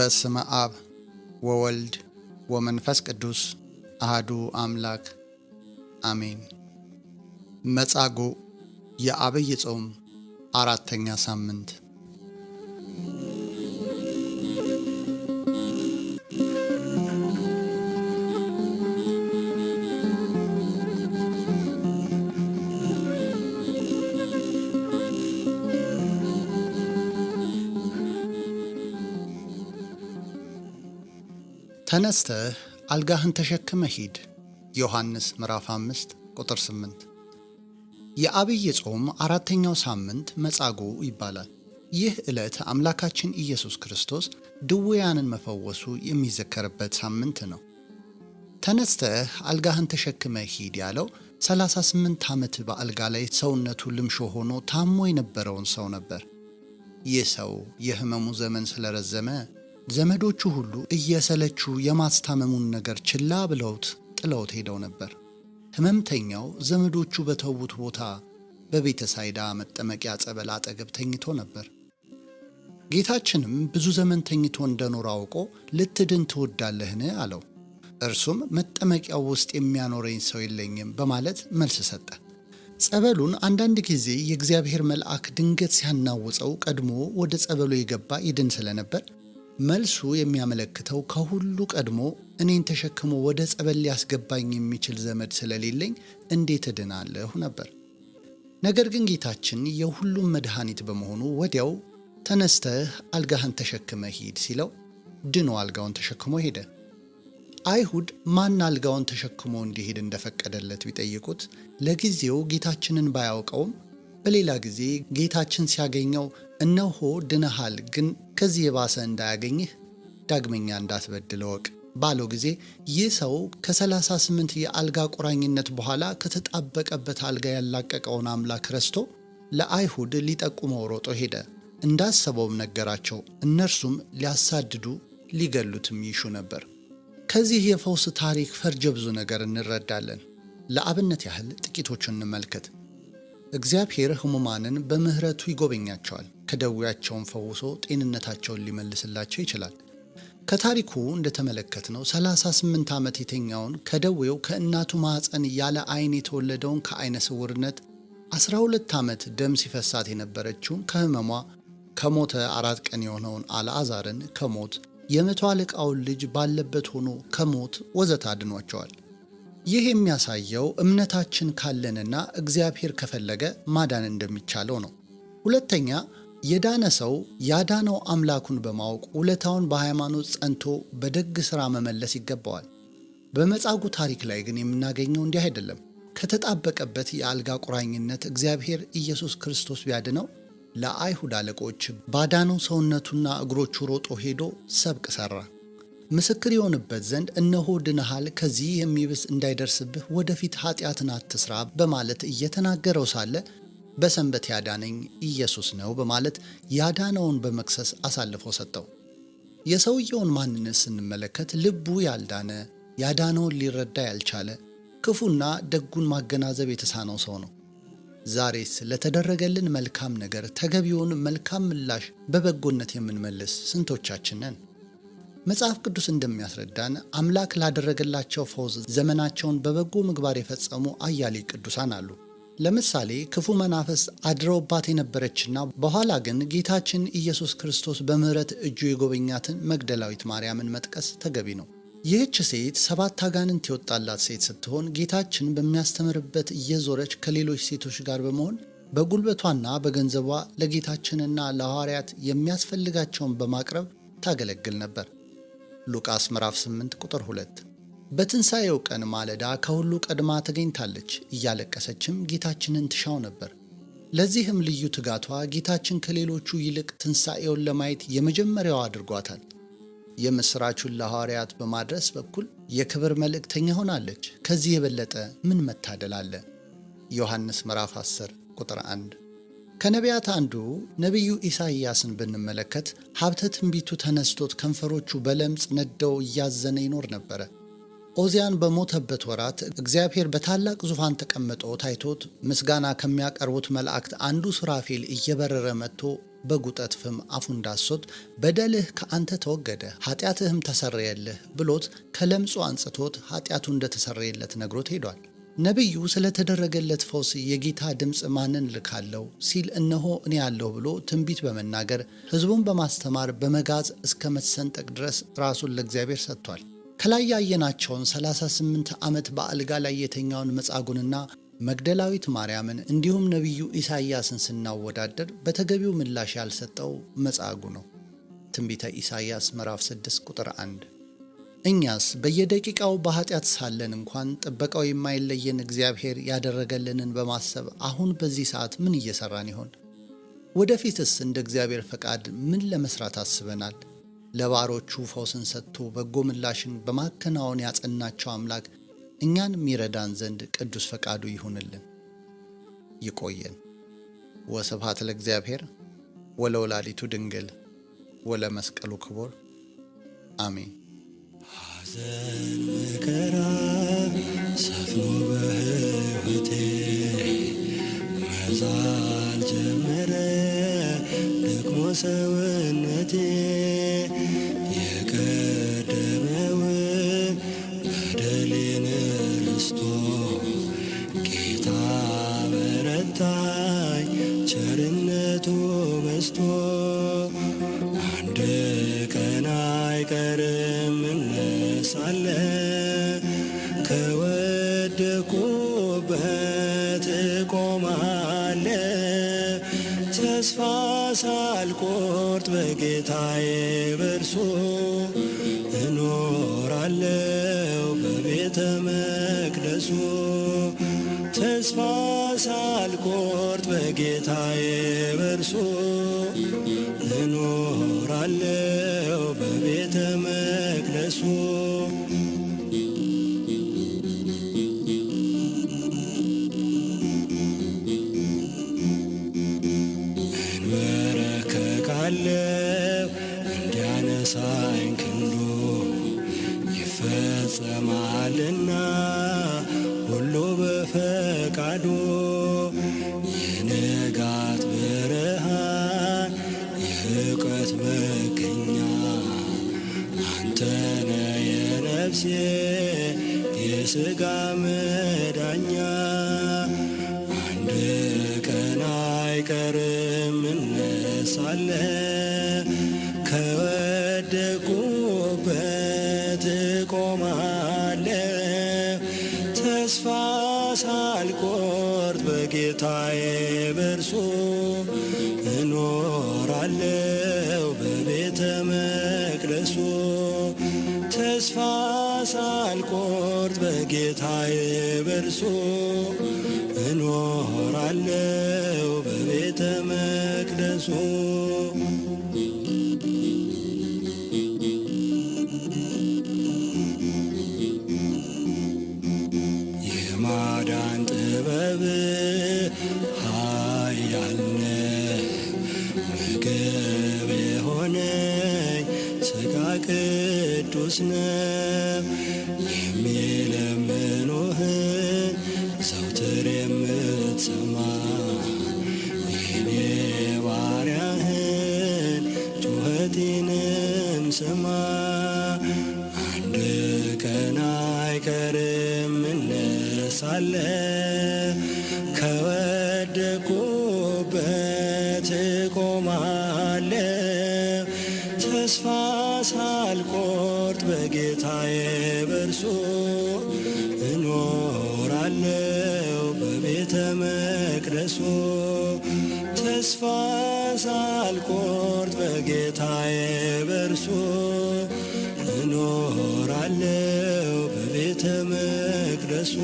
በስመ አብ ወወልድ ወመንፈስ ቅዱስ አህዱ አምላክ አሜን። መጻጉዕ የዐቢይ ጾም አራተኛ ሳምንት ተነስተህ አልጋህን ተሸክመ ሂድ። ዮሐንስ ምዕራፍ 5 ቁጥር 8። የአብይ ጾም አራተኛው ሳምንት መጻጉዕ ይባላል። ይህ ዕለት አምላካችን ኢየሱስ ክርስቶስ ድውያንን መፈወሱ የሚዘከርበት ሳምንት ነው። ተነስተህ አልጋህን ተሸክመ ሂድ ያለው 38 ዓመት በአልጋ ላይ ሰውነቱ ልምሾ ሆኖ ታሞ የነበረውን ሰው ነበር። ይህ ሰው የሕመሙ ዘመን ስለረዘመ ዘመዶቹ ሁሉ እየሰለቹ የማስታመሙን ነገር ችላ ብለውት ጥለውት ሄደው ነበር። ህመምተኛው ዘመዶቹ በተዉት ቦታ በቤተ ሳይዳ መጠመቂያ ጸበል አጠገብ ተኝቶ ነበር። ጌታችንም ብዙ ዘመን ተኝቶ እንደኖረ አውቆ ልትድን ትወዳለህን? አለው። እርሱም መጠመቂያው ውስጥ የሚያኖረኝ ሰው የለኝም በማለት መልስ ሰጠ። ጸበሉን አንዳንድ ጊዜ የእግዚአብሔር መልአክ ድንገት ሲያናውጸው ቀድሞ ወደ ጸበሉ የገባ ይድን ስለነበር መልሱ የሚያመለክተው ከሁሉ ቀድሞ እኔን ተሸክሞ ወደ ጸበል ሊያስገባኝ የሚችል ዘመድ ስለሌለኝ እንዴት እድናለሁ ነበር። ነገር ግን ጌታችን የሁሉም መድኃኒት በመሆኑ ወዲያው ተነስተህ አልጋህን ተሸክመ ሂድ ሲለው ድኖ አልጋውን ተሸክሞ ሄደ። አይሁድ ማን አልጋውን ተሸክሞ እንዲሄድ እንደፈቀደለት ቢጠይቁት ለጊዜው ጌታችንን ባያውቀውም በሌላ ጊዜ ጌታችን ሲያገኘው እነሆ ድነሃል፣ ግን ከዚህ የባሰ እንዳያገኝህ ዳግመኛ እንዳትበድል እወቅ ባለው ጊዜ ይህ ሰው ከ38 የአልጋ ቁራኝነት በኋላ ከተጣበቀበት አልጋ ያላቀቀውን አምላክ ረስቶ ለአይሁድ ሊጠቁመው ሮጦ ሄደ። እንዳሰበውም ነገራቸው። እነርሱም ሊያሳድዱ ሊገሉትም ይሹ ነበር። ከዚህ የፈውስ ታሪክ ፈርጀ ብዙ ነገር እንረዳለን። ለአብነት ያህል ጥቂቶቹን እንመልከት። እግዚአብሔር ሕሙማንን በምሕረቱ ይጎበኛቸዋል፣ ከደዌያቸውን ፈውሶ ጤንነታቸውን ሊመልስላቸው ይችላል። ከታሪኩ እንደተመለከትነው 38 ዓመት የተኛውን ከደዌው ከእናቱ ማኅፀን ያለ ዐይን የተወለደውን ከዐይነ ስውርነት 12 ዓመት ደም ሲፈሳት የነበረችውን ከሕመሟ ከሞተ አራት ቀን የሆነውን አልዓዛርን ከሞት የመቶ አለቃውን ልጅ ባለበት ሆኖ ከሞት ወዘተ አድኗቸዋል። ይህ የሚያሳየው እምነታችን ካለንና እግዚአብሔር ከፈለገ ማዳን እንደሚቻለው ነው። ሁለተኛ የዳነ ሰው ያዳነው አምላኩን በማወቅ ውለታውን በሃይማኖት ጸንቶ በደግ ሥራ መመለስ ይገባዋል። በመጻጉ ታሪክ ላይ ግን የምናገኘው እንዲህ አይደለም። ከተጣበቀበት የአልጋ ቁራኝነት እግዚአብሔር ኢየሱስ ክርስቶስ ቢያድነው ለአይሁድ አለቆች ባዳነው ሰውነቱና እግሮቹ ሮጦ ሄዶ ሰብቅ ሠራ። ምስክር የሆንበት ዘንድ እነሆ ድንሃል ከዚህ የሚብስ እንዳይደርስብህ ወደፊት ኃጢአትን አትስራ በማለት እየተናገረው ሳለ በሰንበት ያዳነኝ ኢየሱስ ነው በማለት ያዳነውን በመክሰስ አሳልፎ ሰጠው። የሰውየውን ማንነት ስንመለከት ልቡ ያልዳነ ያዳነውን ሊረዳ ያልቻለ ክፉና ደጉን ማገናዘብ የተሳነው ሰው ነው። ዛሬስ ለተደረገልን መልካም ነገር ተገቢውን መልካም ምላሽ በበጎነት የምንመልስ ስንቶቻችን ነን? መጽሐፍ ቅዱስ እንደሚያስረዳን አምላክ ላደረገላቸው ፈውስ ዘመናቸውን በበጎ ምግባር የፈጸሙ አያሌ ቅዱሳን አሉ። ለምሳሌ ክፉ መናፈስ አድረውባት የነበረችና በኋላ ግን ጌታችን ኢየሱስ ክርስቶስ በምሕረት እጁ የጎበኛትን መግደላዊት ማርያምን መጥቀስ ተገቢ ነው። ይህች ሴት ሰባት አጋንንት የወጣላት ሴት ስትሆን ጌታችን በሚያስተምርበት እየዞረች ከሌሎች ሴቶች ጋር በመሆን በጉልበቷና በገንዘቧ ለጌታችንና ለሐዋርያት የሚያስፈልጋቸውን በማቅረብ ታገለግል ነበር። ሉቃስ ምዕራፍ 8 ቁጥር 2። በትንሣኤው ቀን ማለዳ ከሁሉ ቀድማ ተገኝታለች፣ እያለቀሰችም ጌታችንን ትሻው ነበር። ለዚህም ልዩ ትጋቷ ጌታችን ከሌሎቹ ይልቅ ትንሣኤውን ለማየት የመጀመሪያው አድርጓታል። የምሥራቹን ለሐዋርያት በማድረስ በኩል የክብር መልእክተኛ ሆናለች። ከዚህ የበለጠ ምን መታደል አለ? ዮሐንስ ምዕራፍ 10 ቁጥር 1 ከነቢያት አንዱ ነቢዩ ኢሳይያስን ብንመለከት ሀብተ ትንቢቱ ተነስቶት ከንፈሮቹ በለምጽ ነደው እያዘነ ይኖር ነበረ። ኦዚያን በሞተበት ወራት እግዚአብሔር በታላቅ ዙፋን ተቀምጦ ታይቶት ምስጋና ከሚያቀርቡት መላእክት አንዱ ሱራፌል እየበረረ መጥቶ በጉጠት ፍም አፉ እንዳሶት በደልህ ከአንተ ተወገደ ኃጢአትህም ተሰረየልህ ብሎት ከለምጹ አንጽቶት ኃጢአቱ እንደተሰረየለት ነግሮት ሄዷል። ነቢዩ ስለተደረገለት ፈውስ የጌታ ድምፅ ማንን ልካለው ሲል እነሆ እኔ ያለሁ ብሎ ትንቢት በመናገር ሕዝቡን በማስተማር በመጋዝ እስከ መሰንጠቅ ድረስ ራሱን ለእግዚአብሔር ሰጥቷል። ከላይ ያየናቸውን 38 ዓመት በአልጋ ላይ የተኛውን መጻጉንና መግደላዊት ማርያምን እንዲሁም ነቢዩ ኢሳይያስን ስናወዳደር በተገቢው ምላሽ ያልሰጠው መጻጉ ነው። ትንቢተ ኢሳይያስ ምዕራፍ 6 ቁጥር 1 እኛስ በየደቂቃው በኃጢአት ሳለን እንኳን ጥበቃው የማይለየን እግዚአብሔር ያደረገልንን በማሰብ አሁን በዚህ ሰዓት ምን እየሰራን ይሆን? ወደፊትስ እንደ እግዚአብሔር ፈቃድ ምን ለመስራት አስበናል? ለባሮቹ ፈውስን ሰጥቶ በጎ ምላሽን በማከናወን ያጸናቸው አምላክ እኛን የሚረዳን ዘንድ ቅዱስ ፈቃዱ ይሁንልን። ይቆየን። ወስብሐት ለእግዚአብሔር ወለወላዲቱ ድንግል ወለመስቀሉ ክቡር አሜን። ሐዘን መከራ ሰፍኖ በህይወቴ መዛል ጀመረ ደግሞ ሰውነቴ በወደቁበት እቆማለሁ ተስፋ ሳልቆርጥ በጌታዬ በእርሱ እኖራለሁ በቤተ መቅደሱ ተስፋ ሳልቆርጥ በጌታዬ በእርሱ እኖራለሁ አለው እንዲያነሳኝ ክንዱ ይፈጸማልና ሁሉ በፈቃዱ የንጋት ብርሃን የእውቀት መገኛ አንተነ የነፍሴ የሥጋ መዳኛ አንድ ቀን አይቀርም እነሳለን ጌታዬ በርሱ እኖራለው በቤተ መቅደሱ ተስፋ ሳልቆርጥ በጌታዬ በርሱ እኖራለው በቤተ መቅደሱ ያለ ምግብ የሆነኝ ስጋ ቅዱስ ነው የሚለምኑህን ዘውትር የምትሰማ የኔ ባሪያህን ጩኸቴንም ስማ ሳልቆርጥ በጌታዬ በእርሱ እኖራለው በቤተ መቅደሱ ተስፋ ሳልቆርጥ በጌታዬ በእርሱ እኖራለው በቤተ መቅደሱ